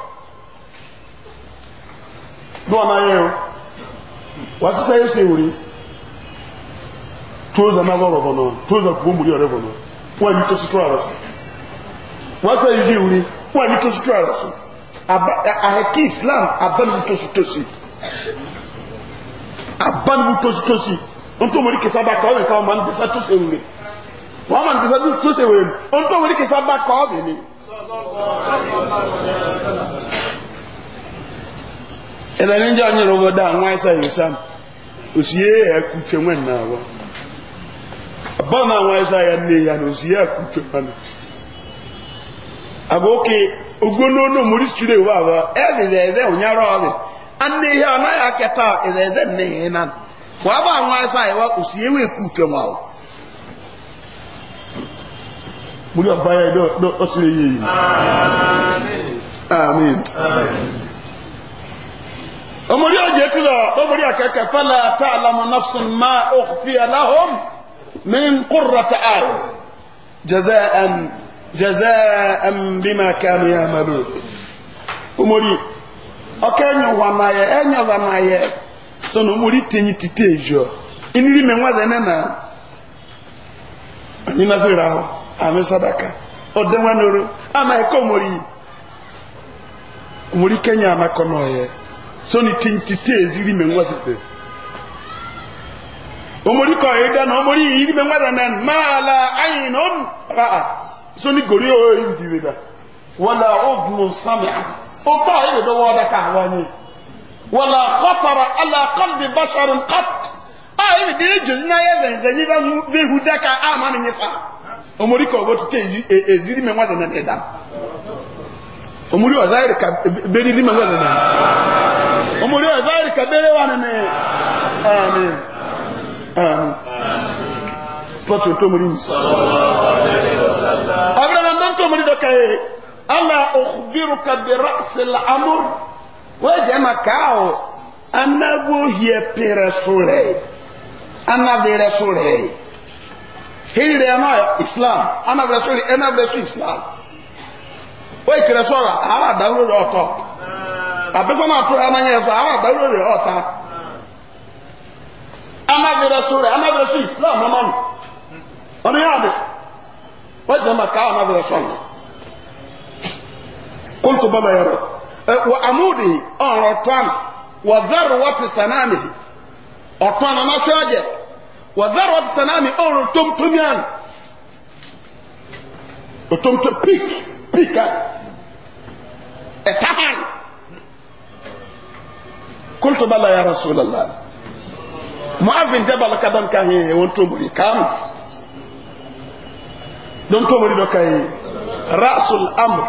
dɔɔ na yɛ o wasisa yɛ se wuli tóza na lɔrɔ kɔnɔ tóza kò múri yɛrɛ kɔnɔ wọn ni tosi tóra lọsọ wasisa yɛ se wuli wọn ni tosi tóra lọsọ ahɛki islam abanibu tosi tosi abanibu tosi tosi ntomori kisa ba kɔɔ nka ɔman disa tosi wuli ɔman disa tosi wuli ntomori kisa ba kɔɔ bi ni. ẹ̀lẹ́ni jẹ́ ọ̀nyẹ̀rẹ̀ ọgbọ́dá àwọn àìsà ìrìsàm òsìyẹ ẹ̀kùtù ẹ̀wọ̀n náà wọ́n bọ́ọ̀nà àwọn àìsà ya ní ìyà ní òsìyẹ ẹ̀kùtù ẹ̀wọ̀n náà àgbókè ogbónónó mórí stúdé wà wọ́ ẹ̀bì ẹ̀ẹ́dẹ́ ònyàrá ọ̀bì àná ihe ọ̀náyà kẹta ẹ̀ẹ́dẹ́ nìyẹn náà wọ́n bá àwọn àìsà ya amen. omori oje ti lọ omori akẹkẹ fẹlẹ ta ma ofi alahum min kurrata ayo jaza'an jaza'an bima kanu ya malu omori yẹ yẹ sọ na omori tenyi tite ejo me mi na anyị ahụ sadaka ọdị nwa ama eke kenya sóni tintite eziri mɛ ŋwa sèpè omori kɔ yi dana omori yiri mɛ ŋwa dana maala ayi na om raa sóni gori o yi bi bi wala ovunu sami o kɔ ayi de dɔwɔ da ka wa nye wala kɔtara ala kalbi basharun kat a yi de diri joli na ye zɛnzɛn yi ba mu behu a ma ni nye omori kɔ o ti te eziri e, mɛ ŋwa dana de da omuli wadhalika beri lima ngwa nene omuli wadhalika beri wanene amen amen spotu oto omuli abirana nanto omuli dokaye ala ukhbiruka birasi lamur wejema kao anagohie piresule anabiresule hili leyanoya islam anabiresule anabiresu islam wọ́n ìkìlẹ̀ sọ́ra ara àdáwúrò rẹ̀ ọ̀tọ̀ àbẹ́sọ́nà àtúrò ẹ̀ máa ń yẹ sọ ara àdáwúrò rẹ̀ ọ̀ta anábìrẹ̀ sọ rẹ̀ anábìrẹ̀ sọ islam ọmọ nù ọ̀nà yà dé wọ́n ìjọba máa ká anábìrẹ̀ sọ nù kóńtù bọ́lá yẹrọ wọ amúdi ọ̀rọ̀ ọ̀tọ́n wọ dẹ́rù wọ́n ti sànáàmì ọ̀tọ́n ọmọ sọ́ọ̀jẹ̀ wọ dẹ́rù wọ́n ti sànáàmì ọ̀rọ̀ tómtómíàn píkà ẹ̀tá hàn kóńtò bá láyà rasulala muhammed jẹ́ balaka dán ká yẹn wọ́n tó mọ̀rí kàmù don tó mọ̀rí dọ́ka yẹn rasul amr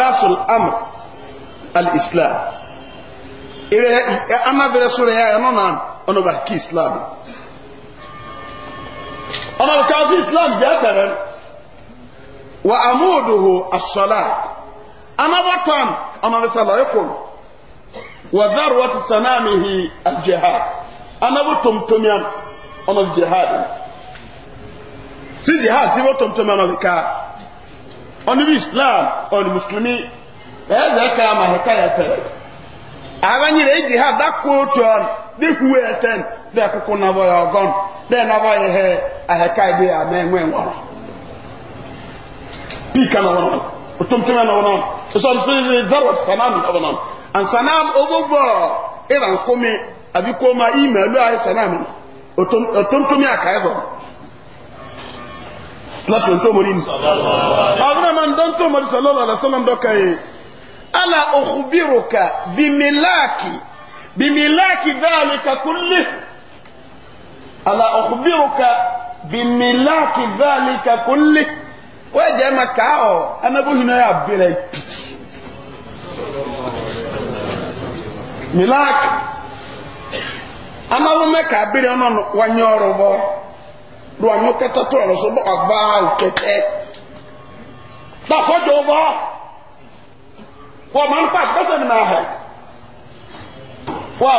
rasul amr al-islam ìrẹ̀ amáfẹ́rẹ́ sọ̀rọ̀ yà ẹ̀nọ́ náà ọ̀nà bá kí islam ọ̀nà bá islam jẹ́ tẹ̀rẹ̀ wa amuduhu as-salat ama watan ama misala yakun wa dharwat sanamihi al-jihad ana wutum tumyan ama jihad si jihad si wutum tumyan ka oni bi islam oni muslimi eza eh, ka ma hekaya te abanyire jihad da kwoton de huweten de kokona boyo gon de na boye he aheka de amenwe ngoro بي كان ونون وتمتم انا ونون اصلا في الذره السلام ونون ان سلام اوبو ايه ان كومي ابي كوما ايميل اي سلام وتمتم يا كايفو سلاف انتم مريم اغنى من دنتم مريم صلى الله عليه وسلم انا اخبرك بملاكي بملاك ذلك كله الا اخبرك بملاك ذلك كله wọ́n jẹ́ ma ká ọ̀ ẹnabóyin náà yà bẹ̀rẹ̀ pìtì milak ka abiri ọnọ wanyọ ọrụ bọ do anyọ kẹtẹ tó so ọba kẹtẹ dafọjọ bọ wọ́n máa ń pa àgbẹ̀sẹ̀ ni máa wọ́n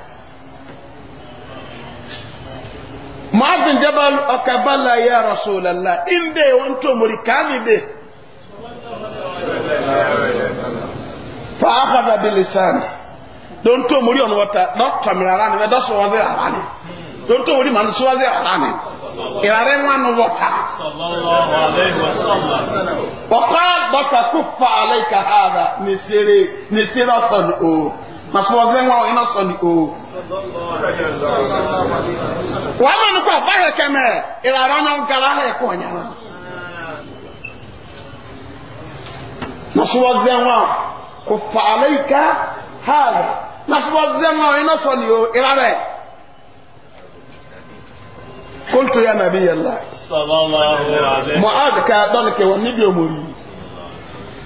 mu'adhin jabal ọkabala ya rasulallah inde wọn tó mori kàmi de fàákàdà bilisani don tó mori ọ̀nà wọta dọ́kítọ̀mìrì ara ni bẹ́ẹ̀ dọ́sọ̀ wọ́n zẹ́rẹ̀ ara ni don tó mori màánù sọ́wọ́ zẹ́rẹ̀ ara ni ìrarẹ̀ wọn wọta. ọ̀kọ́ àgbọ̀kà kúfà àlẹ́ ìkàhàdà nìṣeré nìṣeré ọ̀sán o masuwaze ŋmaa ina sɔni o. wàá mọ̀ nípa báyọ̀ kẹmẹ́ ìlànà ọ̀nyọ́ gara ẹ̀ kọ́ ọ̀nyá wa. masuwaze ŋmaa kò fa alẹ́ yìí ká hàlẹ́ masuwaze ŋmaa ina sɔni o ìlànà ẹ̀. قلت يا نبي الله صلى الله عليه وسلم معاذ كادنك والنبي مريد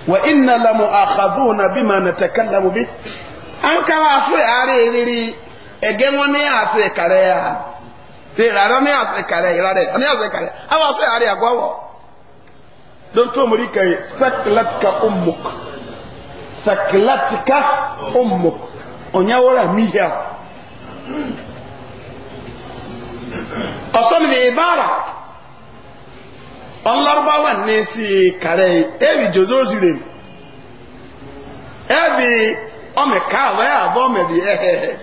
وإنا لمؤاخذون بما نتكلم به an kawa so ya re riri ege mo ni ase kare ya te rara ni ase kare ya re ni ase kare awa so ya re agwawo don to muri kai saklatka ummuk saklatka ummuk onya wora mi ya ọsọ mi ibara ọlọrọbawa n'esi kare ebi jozo zire ebi أمي كاوة يا أبومي بيه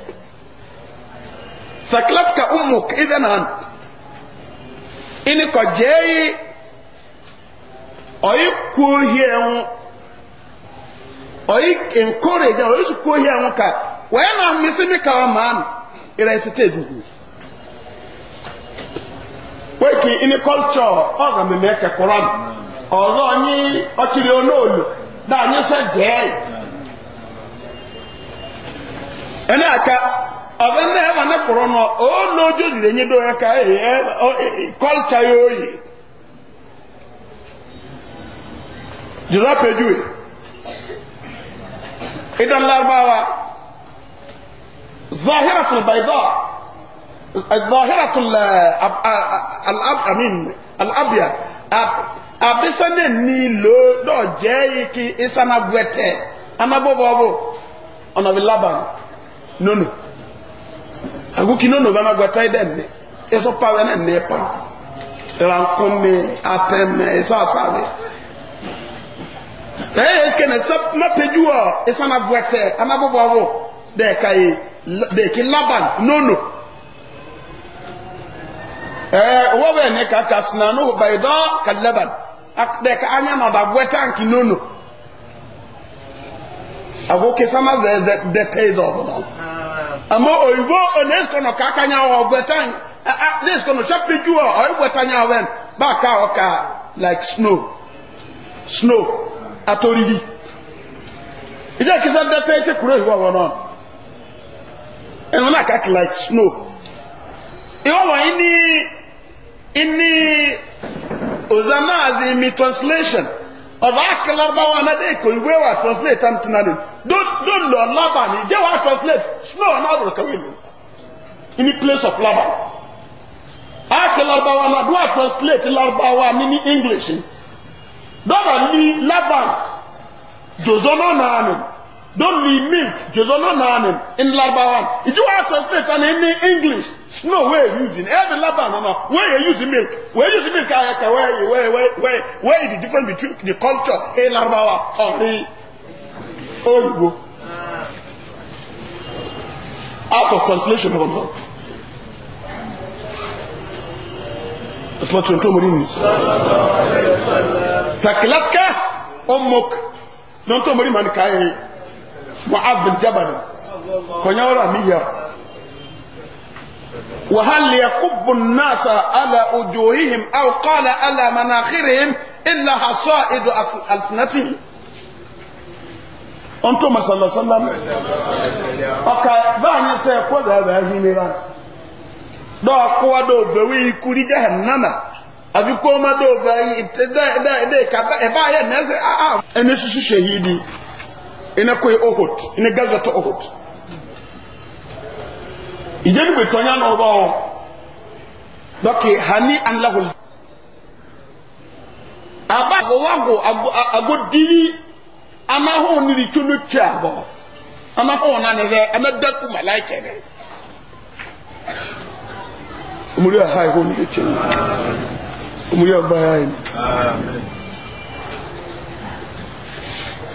ثقلتك أمك إذن أنت إنك جاي أيكو هي أي encourage أو يسكو هي أنك وين أم يسمي كمان إلى تتجه weki ini culture ọ ga mmemme kekọrọ m ọzọ anyị ọchịrị onoolu na anyị sọ ɛnɛ aka ɔbɛn na ɛma ne korɔ no ɔɔna ojo zire nye do ɛka ɛyɛ kɔlta yɛ oye yɛrɛ pɛdue idan larabawa zahira tun baidɔ zahira tun lɛ alab amin alabia abisa ne ni lo dɔ jɛ yi ki isana buɛtɛ anabɔbɔbɔ ɔnɔbi laban nono agoki nono bana gwata ide ne eso pawe na ne pa rankome ateme eso asabe eh eske na sap na pejuo eso na vwete ana bobo aro de kai e, deki ki laban nono eh wo be ne ka kasna no bayda e kalaban ak de ka anya na da vwete anki nono agoke sama zɛzɛ dɛtɛ yi zɔzɔ dɔn ama oyibo ne kɔnɔ k'aka nya wɔ ɔbɛ tan aa ah, ah, ne kɔnɔ sɛpi ju wɔ ɔyɛ bɔ tan nya wɛn ba ka ɔka like snow snow atorili ìdí ɛkisɛ dɛtɛ yi ti kuro yi wɔ wɔ nɔ ɛnna na kaki like snow ìwọ wɔ ini ini ozanaazi mi translation ọba akẹlẹrìbáwa náà dé kò ìwé wa translate am tena ni don lọ laba ni jẹ wa translate slow and ọdọ kẹwé in the place of laba akẹlẹrìbáwa na do a translate laribawa ni ni english dọ́là ni laba jòzọ́ náà nàá don't be meek jezona naani in labawan if you wan translate am in english no wey you using every laba no no wey you using milk Where you using milk ah, ayaka Where? Where? Where? Where wey the difference between the culture in labawa ori oh, oyibo out of translation of god اسمعتوا انتم مريني ثقلتك امك نتومري من كاي معاذ بن جبل كنيورا مية وهل يكب الناس على وجوههم أو قال على مناخرهم إلا حصائد ألسنتهم أنتم صلى الله عليه وسلم أكا بعني سيقول هذا هذه ميراث دو قوة دو بوي كوري جهنم أبي قوة دو بوي إبتداء إبتداء إبتداء إبتداء آه، إبتداء آه. إبتداء إبتداء إبتداء إبتداء إبتداء ina kwe ohot, ina gaza ta ohud ìjẹ́ nígbè tó yán ọba ọ dọ́kì hani anlahul àbá àgọ́wàgọ́ agọ́dìrí amáhùn nírì tó ló tí àbọ̀ amáhùn náà nìyẹn amẹ́dẹ́kù màláìkẹ́ rẹ̀ omúrí àhá ìhó nírì tí ó omúrí àbáyá yìí.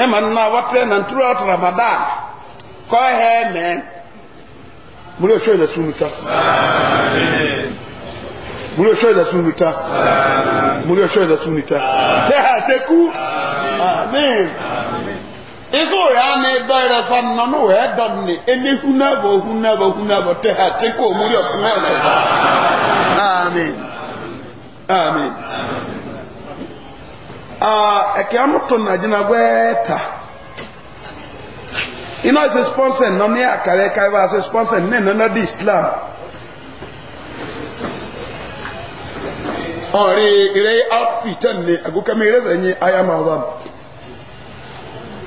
yɛma no na wɔtrɛ na ramadan kɔhɛ mɛ mure ɛhwɛ da sum ta mure ɛhwɛ da sum ta mure ɛhwɛ da sum ta tɛ ha teku amen isu ya ne dɔyɛrɛ san na no wɛ dɔn ne ene huna bɔ huna bɔ huna bɔ tɛ ha teku o mure ɔsumɛ amen amen. amen. ɛkɛ amoto na gyina wɛɛta ina sɛ sponsor nnɔm ne akare kae ba sɛ sponsor ne nnɔm de islam ɔre ire outfit ne agokama ire bɛ aya ma ɔba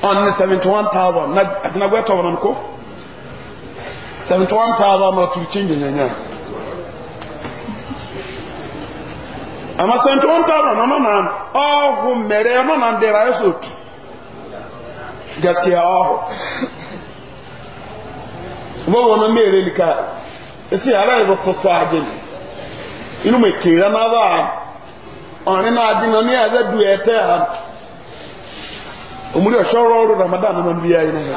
ɔne seventy one thousand na agyina wɛɛta wɔn ko seventy one thousand na turu kyi nyanyanya. ama sɛnti wɔn taara ɔno nan ɔho mɛrɛ ɔno nan deɛ ayɛ so tu gaskiya ɔho wɔn wɔn mɛ ere nika esi ara yɛ tɔtɔ adi ni inu mɛ kera n'ava ɔne n'adi na ne yɛ du ɛtɛ ha omuli ɔhyɛ ɔrɔɔro ramadan nana bi ayi n'ahɛ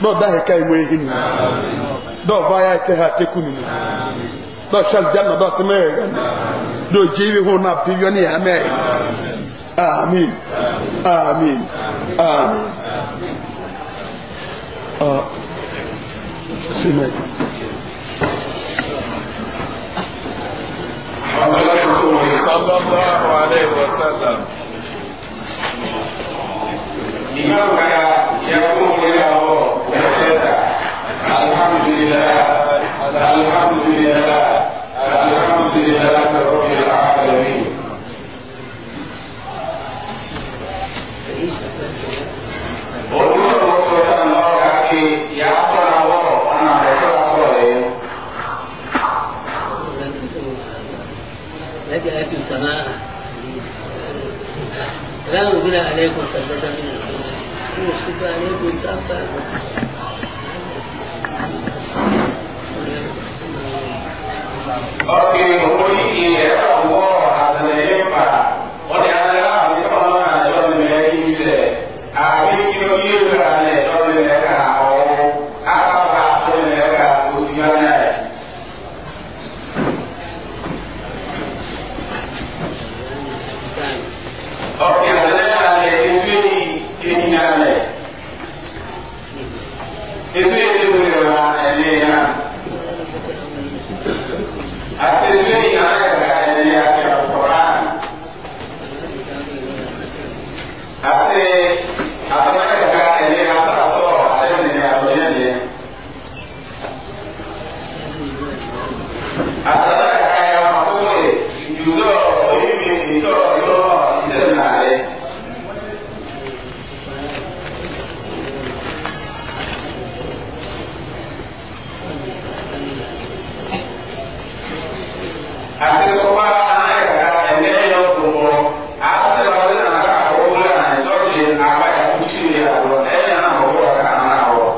dɔw da hɛ ka emu ehi ni dɔw ba ya ɛtɛ ha teku ni dɔw hyɛ alijanna dɔw sɛ mɛ yɛ ɛgani do jibi hu na piyoni ya Amen. amin amin amin ah sima sallallahu alaihi wasallam imam kaya yakumu lillahi wa alhamdulillah alhamdulillah alhamdulillah الحمد لله رب العالمين olùdókòwò tó tà ní ọ̀rọ̀ àké yà á tọ́ na wọ́ ọ̀nà àtẹ̀tẹ̀ àtọ̀ rẹ̀. lẹ́yìn àti ìtàmà láàrú gbéra àlẹ́ kan tàbí ọ̀dọ́ mi nà lọ́sọ̀ kí wọ́n sì bá àlẹ́ kò sáfà. ọkùnrin òun yìí kì í ẹ̀ka wọ́ àtẹ̀lẹ̀ yẹn pa wọ́n ní alẹ́ láàbí sọ́nà náà lọ́dún rẹ̀ kí n ṣe àbí kí o yé rẹ̀ alẹ́ lọ́dún rẹ̀ ká ọ̀hún àtàwọn àtẹ̀lẹ̀ rẹ̀ ká òfin alẹ́ rẹ̀. ọkùnrin alẹ́ alẹ́ ètò ènìyàn alẹ́ ètò ènìyàn alẹ́ ẹ̀lẹ́yìn náà. أتدري عليك كأني في القرآن أتي أتمنى كأني أسأسو عليني يا بني أتدري àti sọ́wọ́ anáyàgá ẹ̀mí ẹ̀yọ́ gbogbo àtẹ̀wá nínú àká àkọ́wé àná lọ́jì àbáyà kùtù ìyàwó ẹ̀yìn náà ọ̀wọ́ ọ̀gá àná àwọ̀.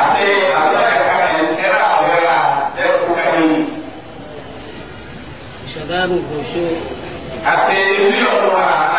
àti anáyàgá ẹ̀rá àwẹ̀rá ẹ̀kú ẹ̀yìn. ṣàbáàbù kò ṣó. àti ìlú ọ̀nà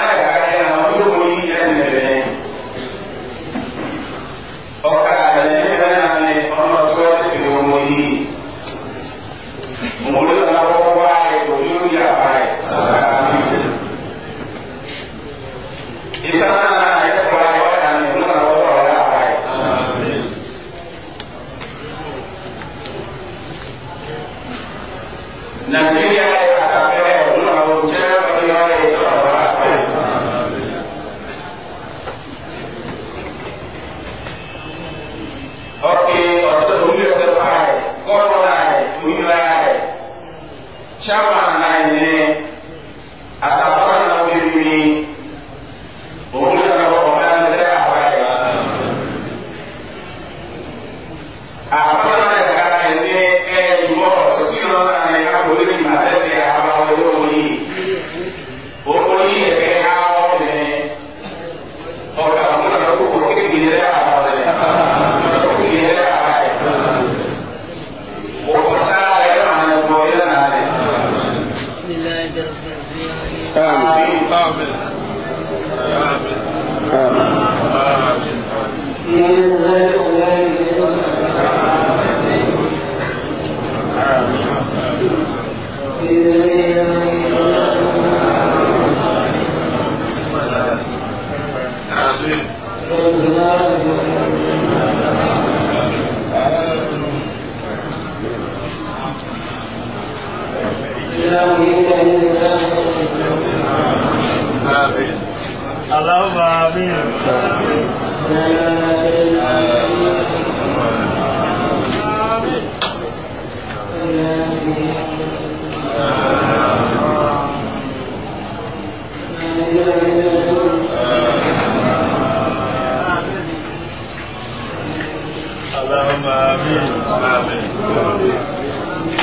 اللهم آمين آمين صلى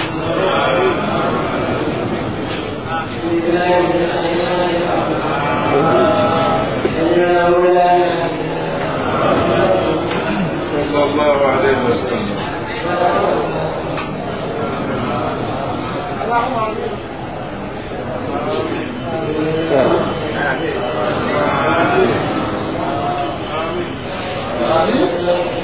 الله عليه وسلم اللهم آمين آمين آمين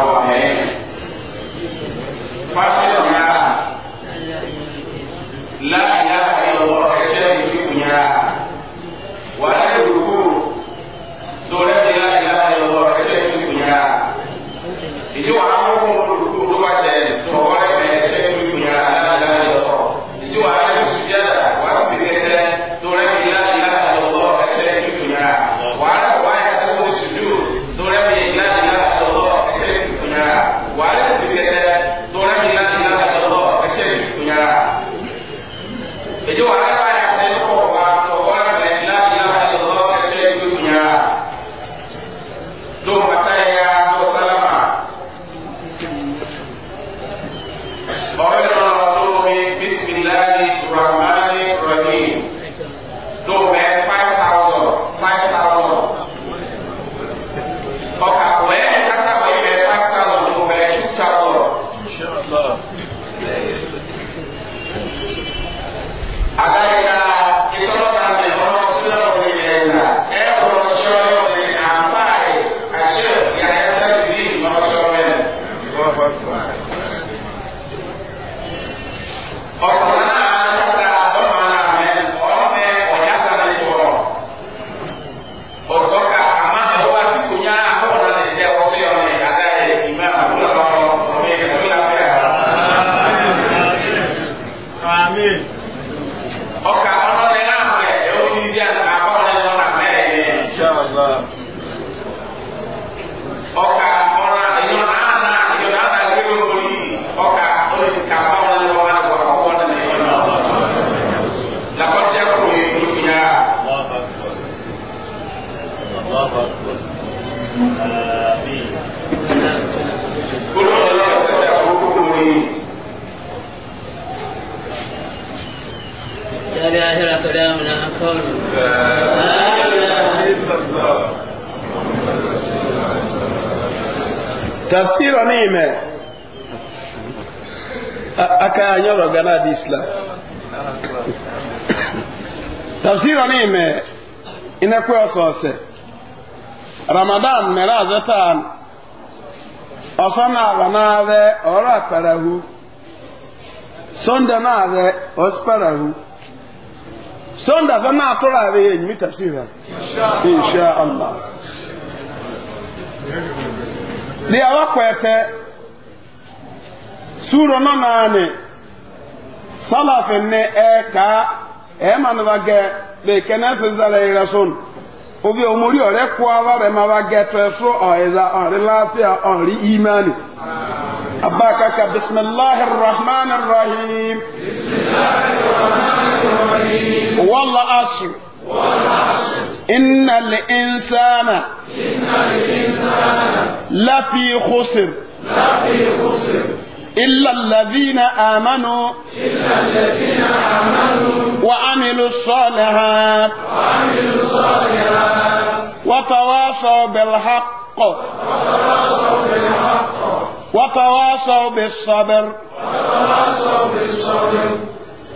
awọ ẹyẹ fásitì ọ̀nyára láàyè àìlọ́wọ́ ẹ̀ṣẹ́ ìfi ònyára wà láyé gbogbo lórí ẹ̀ṣẹ́ láàyè àìlọ́wọ́ ẹ̀ṣẹ́ ìfi ònyára inekwe ọsọọsẹ ramadan mere azetan ọsọ na-aba na-abẹ ọrụ akparahu sonde na-abẹ osparahu sonde asọ na-atụrụ abịa ya enyimi tafsira insha allah di awa kwete suro nọ naanị salafin ne ẹ ka ẹ ma nọ bẹ̀ẹ̀kẹ́ náà sì zàlẹ̀ ìrẹsùn ovi omori ọ̀rẹ́ kó ara rẹ̀ máa bá gẹ̀ẹ́tọ̀ ẹ̀fọ́ ọ̀ẹ̀dà ọ̀rẹ́ láàfíà ọ̀rí ìmáni abákaka bisimilahi rahman rahim wàlá asu inna li insana lafi khusir illa alladhina amanu illa alladhina amanu وعملوا الصالحات وعملوا الصالحات وتواصوا بالحق وتواصوا بالحق وتواصوا بالصبر وتواصوا بالصبر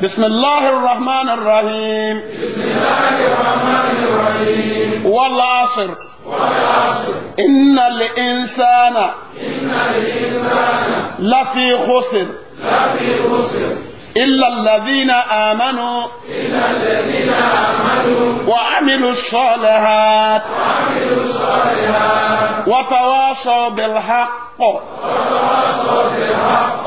بسم الله الرحمن الرحيم بسم الله الرحمن الرحيم والعصر والعصر إن الإنسان إن الإنسان لفي خسر لفي خسر إلا الذين آمنوا إلا الذين آمنوا وعملوا الصالحات وعملوا الصالحات وتواصوا بالحق وتواصوا بالحق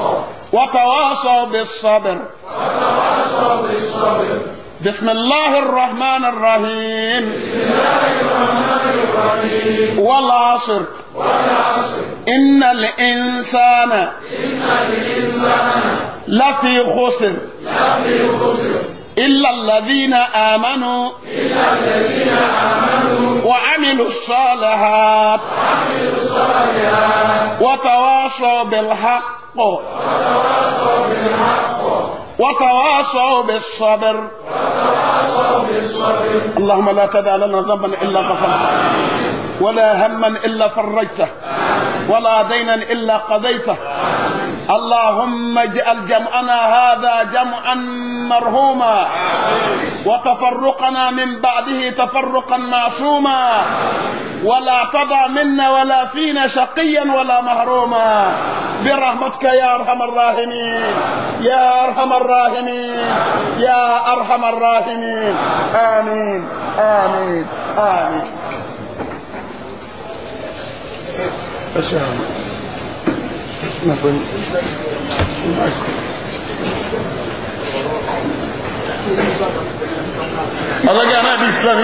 وتواصوا بالصبر وتواصوا بالصبر بسم الله الرحمن الرحيم بسم الله الرحمن الرحيم والعصر والعصر إن الإنسان إن الإنسان لفي خسر لفي خسر إلا الذين آمنوا إلا الذين آمنوا وعملوا الصالحات وعملوا الصالحات وتواصوا بالحق وتواصوا بالحق وتواصوا بالصبر وتواصوا بالصبر اللهم لا تدع لنا ذنبا الا غفرته ولا هما الا فرجته ولا دينا الا قضيته اللهم اجعل جمعنا هذا جمعا مرهوما وتفرقنا من بعده تفرقا معصوما ولا تضع منا ولا فينا شقيا ولا مهروما برحمتك يا أرحم الراحمين يا أرحم الراحمين يا أرحم الراحمين آمين آمين آمين الله نقول Allah jana di Islami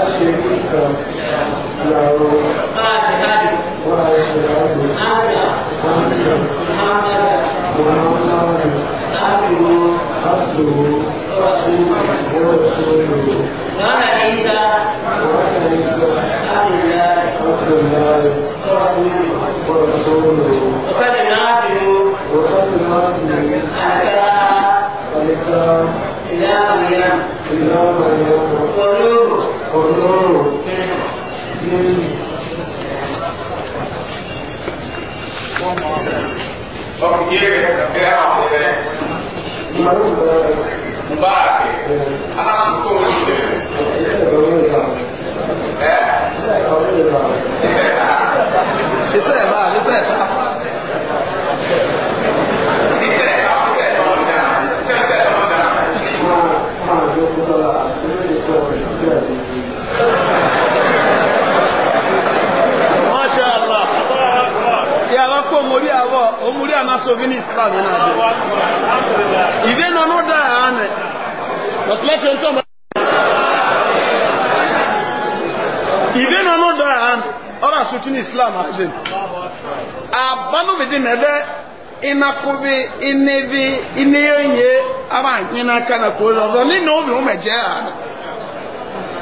لا شريك له وأشهد أن محمدا محمدا عبده عبده ورسوله قال عيسى قال عيسى عبد الله عبد الله ورسوله وقد نعلم وقد نعلم أنك أنك இல்லாமையா கொடு Mubarak, ana suko wuli de. Ẹ. Isẹ ta. Isẹ ta. Isẹ ta. ló ti sọ́ra nínú ìjọ rẹ̀ lórí àti ìlú. Masha Allah. Ìyá wa kó mórí àwọ̀, ó mórí àmà sọ́bínì Islam náà dé. Ìdè nínú dá àánẹ̀. Lọ́sílẹ̀tì ọ̀tún ọmọ. Ìdè nínú dá àánẹ̀. Ọ̀rọ̀ àsùtún Islam àdé. Àbánúbìdì mẹ́bẹ́, ìnakúbi, ìnẹ́bi, ìnẹ́yẹ̀yẹ abanyi n'aka na kuro ọzọ nínú omi ụmụ eje ya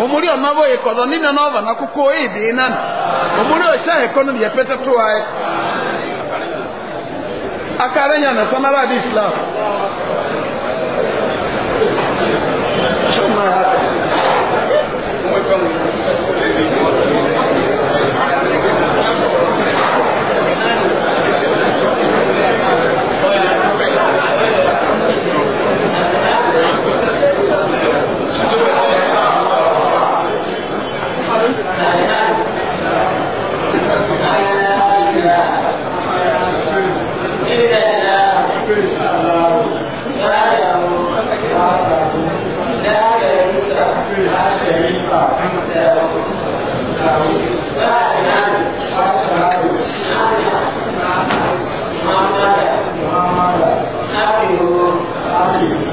omuri ọmọbọ yẹ kọzọ nínú n'ọba n'akụkọ èdè nan omuri ọhyẹ ẹkọnọ yẹ pẹtẹ tó ayé akara nya na sanara adi islam. Amen.